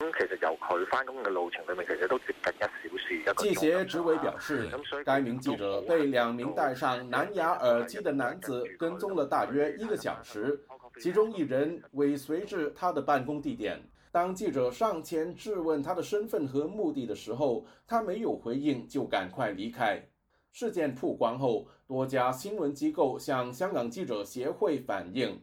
其實由佢返工嘅路程裏面，其實都接近一小時。記協職委表示，該名記者被兩名戴上藍牙耳機的男子跟蹤了大約一個小時，其中一人尾隨至他的辦公地點。當記者上前質問他的身份和目的的時候，他沒有回應，就趕快離開。事件曝光後，多家新聞機構向香港記者協會反映。